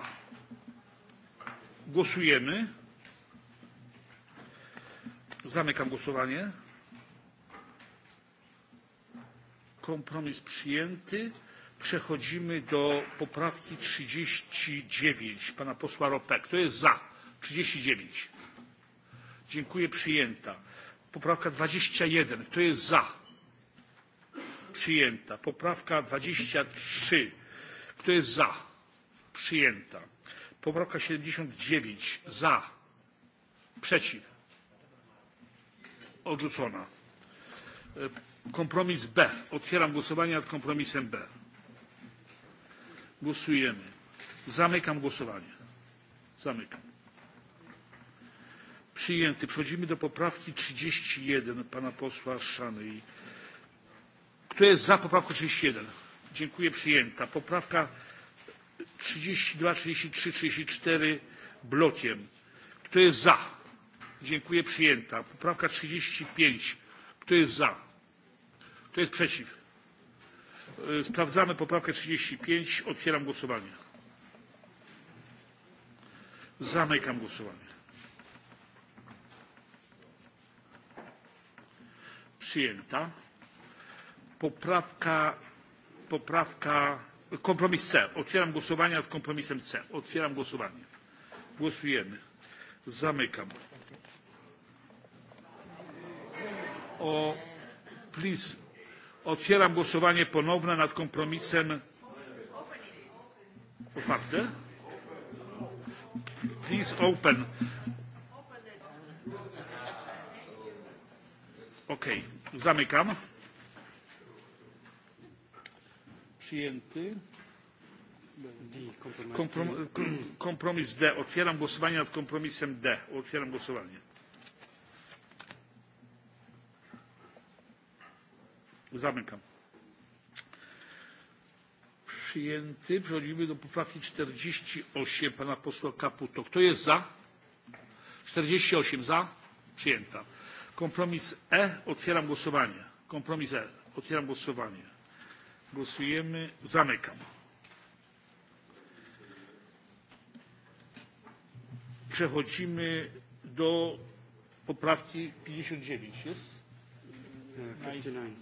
Głosujemy. Zamykam głosowanie. kompromis przyjęty. Przechodzimy do poprawki 39 pana posła Ropek. Kto jest za? 39. Dziękuję, przyjęta. Poprawka 21. Kto jest za? Przyjęta. Poprawka 23. Kto jest za? Przyjęta. Poprawka 79. Za. Przeciw. Odrzucona kompromis b. otwieram głosowanie nad kompromisem b. głosujemy. zamykam głosowanie. zamykam. przyjęty. przechodzimy do poprawki 31 pana posła Szany. kto jest za poprawką 31? dziękuję. przyjęta. poprawka 32, 33, 34 blokiem. kto jest za? dziękuję. przyjęta. poprawka 35. kto jest za? kto jest przeciw? E, sprawdzamy poprawkę 35. Otwieram głosowanie. Zamykam głosowanie. Przyjęta. Poprawka, poprawka, kompromis C. Otwieram głosowanie nad kompromisem C. Otwieram głosowanie. Głosujemy. Zamykam. O, please. Otwieram głosowanie ponowne nad kompromisem otwarte. Please open. OK. Zamykam. Przyjęty. Kompromis D. Otwieram głosowanie nad kompromisem D. Otwieram głosowanie. Zamykam. Przyjęty. Przechodzimy do poprawki 48 pana posła Kaputo. Kto jest za? 48 za. Przyjęta. Kompromis E. Otwieram głosowanie. Kompromis E. Otwieram głosowanie. Głosujemy. Zamykam. Przechodzimy do poprawki 59. Jest? 59.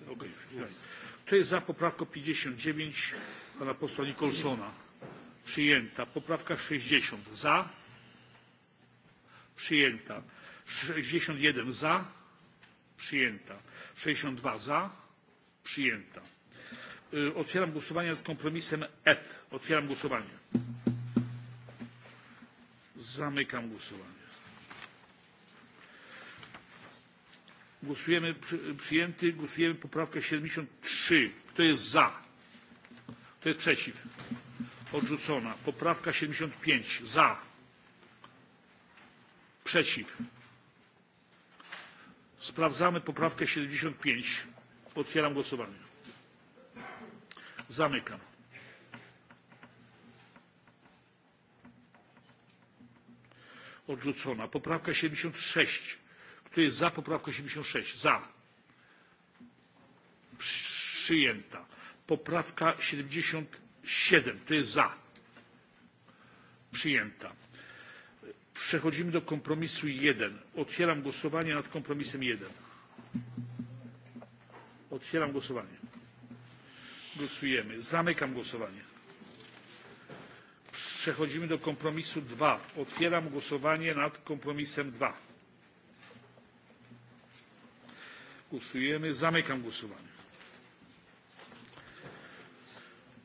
To jest za poprawką 59 pana posła Nicholsona. Przyjęta. Poprawka 60. Za. Przyjęta. 61 za. Przyjęta. 62 za. Przyjęta. Otwieram głosowanie nad kompromisem F. Otwieram głosowanie. Zamykam głosowanie. Głosujemy przyjęty. Głosujemy poprawkę 73. Kto jest za? Kto jest przeciw? Odrzucona. Poprawka 75. Za. Przeciw. Sprawdzamy poprawkę 75. Otwieram głosowanie. Zamykam. Odrzucona. Poprawka 76. Kto jest za poprawką 76? Za. Przyjęta. Poprawka 77. Kto jest za? Przyjęta. Przechodzimy do kompromisu 1. Otwieram głosowanie nad kompromisem 1. Otwieram głosowanie. Głosujemy. Zamykam głosowanie. Przechodzimy do kompromisu 2. Otwieram głosowanie nad kompromisem 2. Głosujemy. Zamykam głosowanie.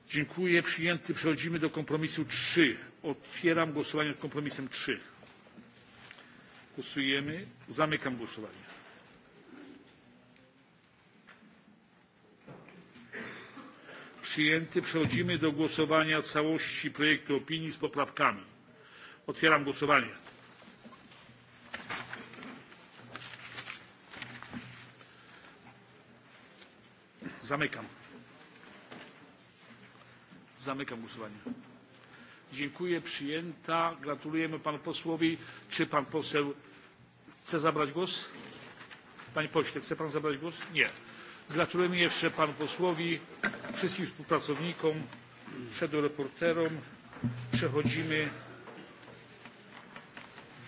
Dziękuję. Przyjęty. Przechodzimy do kompromisu 3. Otwieram głosowanie nad kompromisem 3. Głosujemy. Zamykam głosowanie. Przyjęty. Przechodzimy do głosowania całości projektu opinii z poprawkami. Otwieram głosowanie. Zamykam. Zamykam głosowanie. Dziękuję. Przyjęta. Gratulujemy panu posłowi. Czy pan poseł chce zabrać głos? Panie pośle, chce pan zabrać głos? Nie. Gratulujemy jeszcze panu posłowi, wszystkim współpracownikom, szedł reporterom. Przechodzimy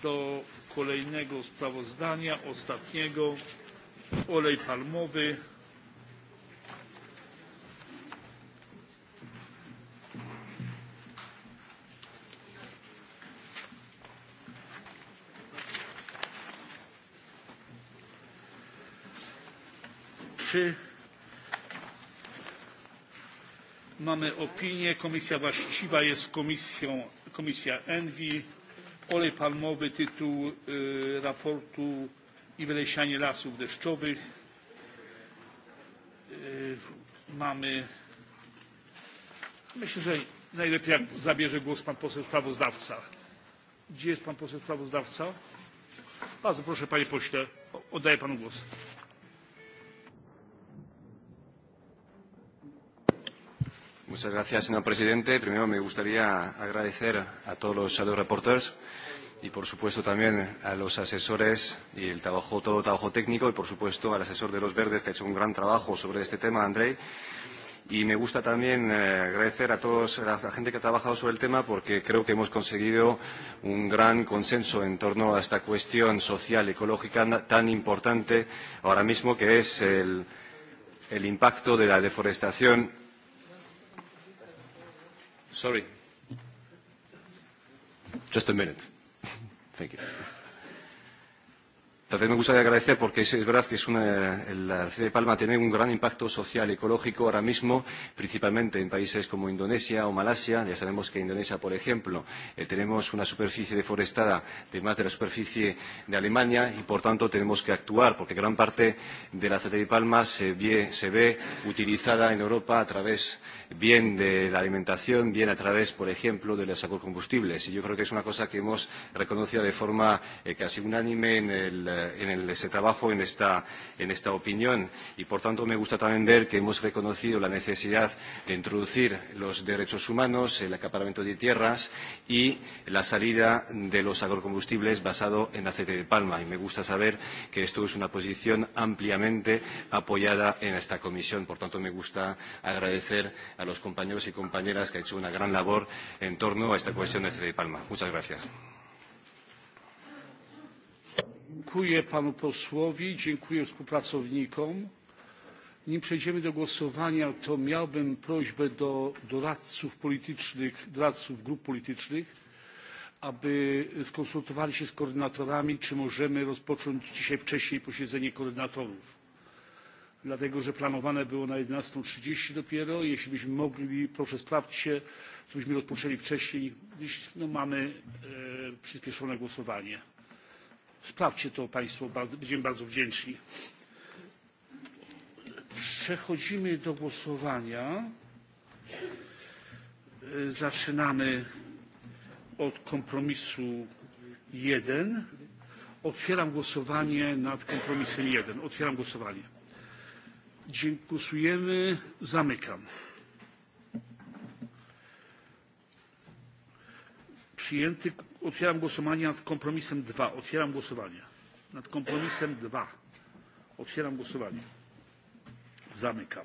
do kolejnego sprawozdania, ostatniego. Olej palmowy. Proszę. Mamy opinię. Komisja właściwa jest komisją, komisja Envi. Olej palmowy, tytuł y, raportu i wylesianie lasów deszczowych. Y, mamy. Myślę, że najlepiej jak zabierze głos pan poseł sprawozdawca. Gdzie jest pan poseł sprawozdawca? Bardzo proszę, panie pośle, oddaję panu głos. Muchas gracias, señor presidente. Primero me gustaría agradecer a todos los shadow reporters y, por supuesto, también a los asesores y el trabajo, todo el trabajo técnico y, por supuesto, al asesor de los verdes que ha hecho un gran trabajo sobre este tema, Andrei. Y me gusta también eh, agradecer a todos a la gente que ha trabajado sobre el tema porque creo que hemos conseguido un gran consenso en torno a esta cuestión social ecológica tan importante ahora mismo que es el, el impacto de la deforestación Sorry. Just a minute. Thank you. También me gustaría agradecer porque es, es verdad que es una, la ciudad de Palma tiene un gran impacto social y ecológico ahora mismo, principalmente en países como Indonesia o Malasia. Ya sabemos que en Indonesia, por ejemplo, eh, tenemos una superficie deforestada de más de la superficie de Alemania y, por tanto, tenemos que actuar porque gran parte de la ciudad de Palma se, vie, se ve utilizada en Europa a través bien de la alimentación, bien a través, por ejemplo, de los agrocombustibles. Y yo creo que es una cosa que hemos reconocido de forma eh, casi unánime en el. La, eh, en el, ese trabajo, en esta, en esta opinión. Y, por tanto, me gusta también ver que hemos reconocido la necesidad de introducir los derechos humanos, el acaparamiento de tierras y la salida de los agrocombustibles basado en aceite de palma. Y me gusta saber que esto es una posición ampliamente apoyada en esta comisión. Por tanto, me gusta agradecer a los compañeros y compañeras que han hecho una gran labor en torno a esta cuestión de aceite de palma. Muchas gracias. Gracias dziękuję panu posłowi dziękuję współpracownikom. nim przejdziemy do głosowania to miałbym prośbę do doradców politycznych doradców grup politycznych aby skonsultowali się z koordynatorami czy możemy rozpocząć dzisiaj wcześniej posiedzenie koordynatorów dlatego że planowane było na jedenaście trzydzieści dopiero jeśli byśmy mogli proszę sprawdźcie żebyśmy rozpoczęli wcześniej gdyż no, mamy e, przyspieszone głosowanie sprawdźcie to państwo będziemy bardzo wdzięczni. przechodzimy do głosowania. zaczynamy od kompromisu jeden. otwieram głosowanie nad kompromisem jeden. otwieram głosowanie. głosujemy. zamykam. przyjęty otwieram głosowanie nad kompromisem. dwa otwieram głosowanie nad kompromisem. dwa otwieram głosowanie zamykam.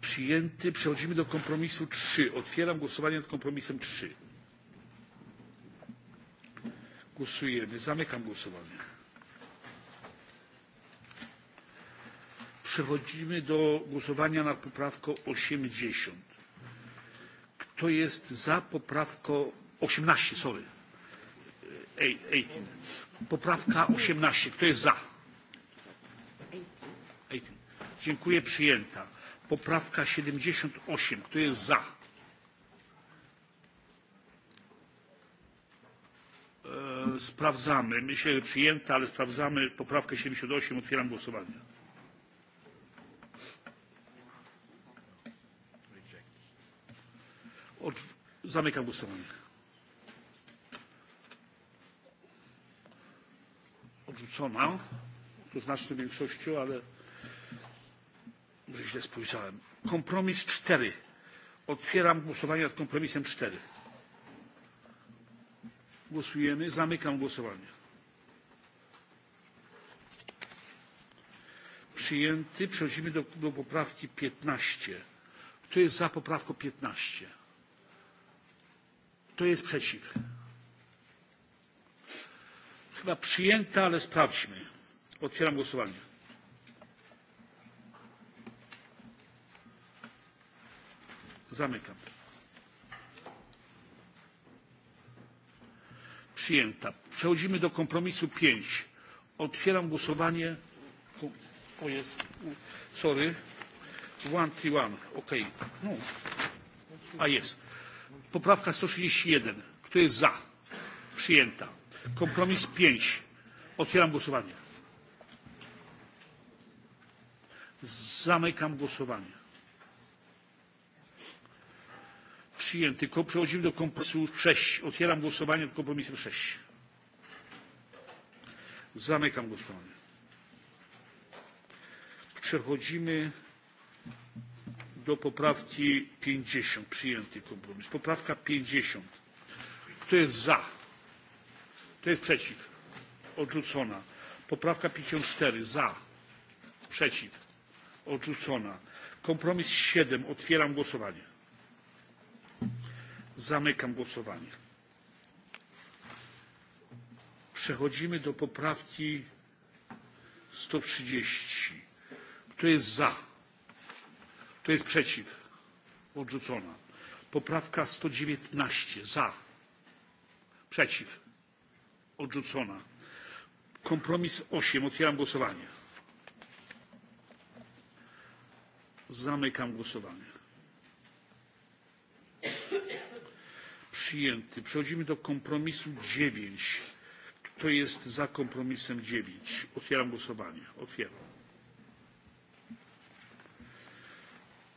przyjęty. przechodzimy do kompromisu. trzy otwieram głosowanie nad kompromisem. trzy głosujemy. zamykam głosowanie. przechodzimy do głosowania nad poprawką osiemdziesiąt kto jest za poprawką 18, sorry. 18. Poprawka 18, kto jest za? 18. Dziękuję, przyjęta. Poprawka 78, kto jest za? Sprawdzamy, myślę, że przyjęta, ale sprawdzamy poprawkę 78, otwieram głosowanie. Od... Zamykam głosowanie. Odrzucona. To znacznej większością, ale może źle spojrzałem. Kompromis 4. Otwieram głosowanie nad kompromisem 4. Głosujemy. Zamykam głosowanie. Przyjęty. Przechodzimy do, do poprawki 15. Kto jest za poprawką 15? kto jest przeciw? Chyba przyjęta, ale sprawdźmy. Otwieram głosowanie. Zamykam. Przyjęta. Przechodzimy do kompromisu 5. Otwieram głosowanie. O jest. Sorry. One, three, one. OK. No. A jest. Poprawka 131. Kto jest za? Przyjęta. Kompromis 5. Otwieram głosowanie. Zamykam głosowanie. Przyjęty. Przechodzimy do kompromisu 6. Otwieram głosowanie nad kompromisem 6. Zamykam głosowanie. Przechodzimy do poprawki 50, przyjęty kompromis. Poprawka 50. Kto jest za? Kto jest przeciw? Odrzucona. Poprawka 54. Za. Przeciw. Odrzucona. Kompromis 7. Otwieram głosowanie. Zamykam głosowanie. Przechodzimy do poprawki 130. Kto jest za? kto jest przeciw? odrzucona poprawka sto dziewiętnaście za przeciw odrzucona kompromis osiem otwieram głosowanie zamykam głosowanie przyjęty przechodzimy do kompromisu dziewięć kto jest za kompromisem dziewięć otwieram głosowanie otwieram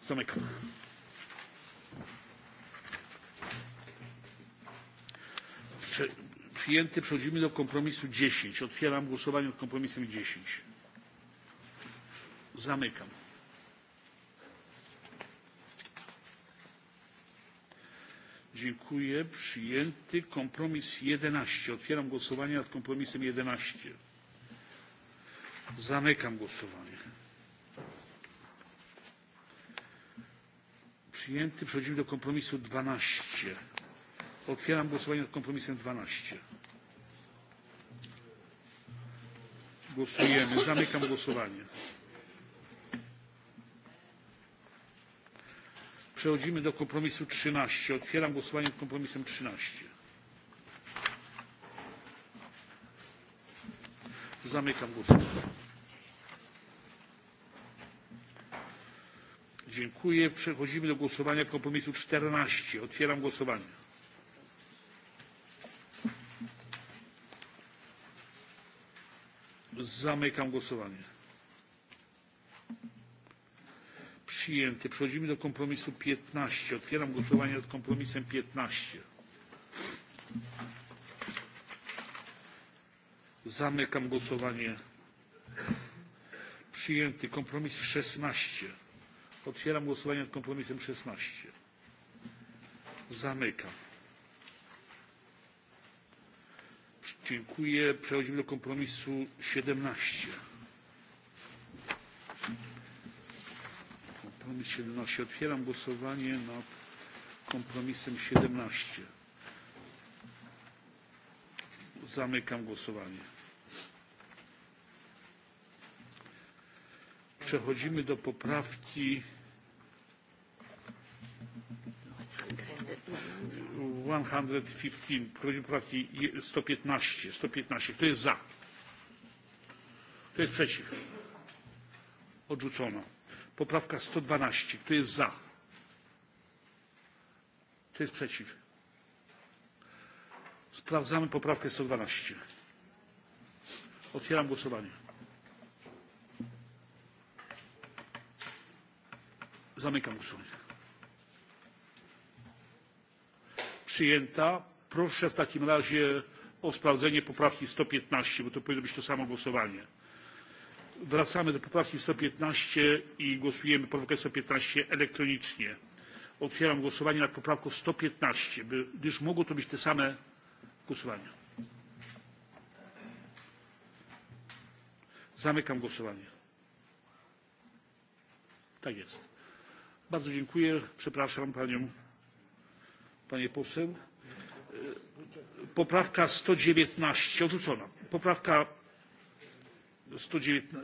som er kommet. Przyjęty, przechodzimy do kompromisu 10. Otwieram głosowanie nad kompromisem 10. Zamykam. Dziękuję. Przyjęty kompromis 11. Otwieram głosowanie nad kompromisem 11. Zamykam głosowanie. przyjęty. Przechodzimy do kompromisu 12. Otwieram głosowanie nad kompromisem 12. Głosujemy. Zamykam głosowanie. Przechodzimy do kompromisu 13. Otwieram głosowanie nad kompromisem 13. Zamykam głosowanie. dziękuję. Przechodzimy do głosowania kompromisu czternaście. Otwieram głosowanie. Zamykam głosowanie. Przyjęty. Przechodzimy do kompromisu 15. Otwieram głosowanie nad kompromisem 15. Zamykam głosowanie. Przyjęty. Kompromis 16. Otwieram głosowanie nad kompromisem 16. Zamykam. Dziękuję. Przechodzimy do kompromisu 17. Kompromis 17. Otwieram głosowanie nad kompromisem 17. Zamykam głosowanie. Przechodzimy do poprawki. Hmm. prośbę poprawki sto piętnaście sto piętnaście kto jest za? kto jest przeciw? odrzucono poprawka sto dwanaście kto jest za? kto jest przeciw? sprawdzamy poprawkę sto dwanaście otwieram głosowanie zamykam głosowanie przyjęta. proszę w takim razie o sprawdzenie poprawki sto piętnaście bo to powinno być to samo głosowanie. wracamy do poprawki sto piętnaście i głosujemy poprawkę sto piętnaście elektronicznie. otwieram głosowanie nad poprawką sto piętnaście gdyż mogło to być te same głosowania. zamykam głosowanie. tak jest. bardzo dziękuję. przepraszam panią panie poseł. E, poprawka sto dziewiętnaście odrzucona. poprawka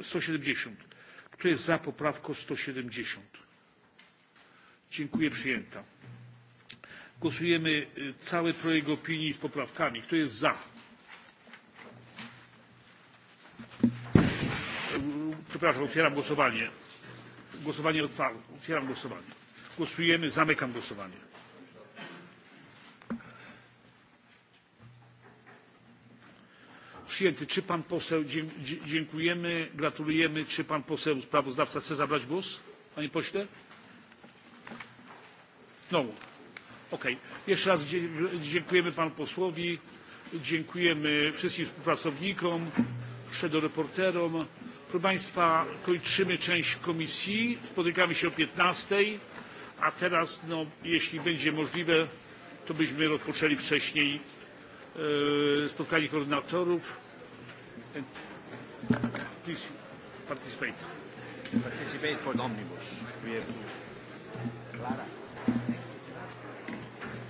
sto siedemdziesiąt kto jest za poprawką sto siedemdziesiąt? dziękuję przyjęta. głosujemy e, cały projekt opinii z poprawkami. kto jest za? przepraszam otwieram głosowanie. głosowanie otwarte. otwieram głosowanie. głosujemy zamykam głosowanie. przyjęty. czy pan poseł dziękujemy gratulujemy czy pan poseł sprawozdawca chce zabrać głos panie pośle? No. jeszcze raz dziękujemy panu posłowi dziękujemy wszystkim współpracownikom sprawozdawcom. proszę państwa kończymy część komisji spotykamy się o piętnaście a teraz no, jeśli będzie możliwe to byśmy rozpoczęli wcześniej e, spotkanie koordynatorów and please participate. Participate for the omnibus. We have to. Clara.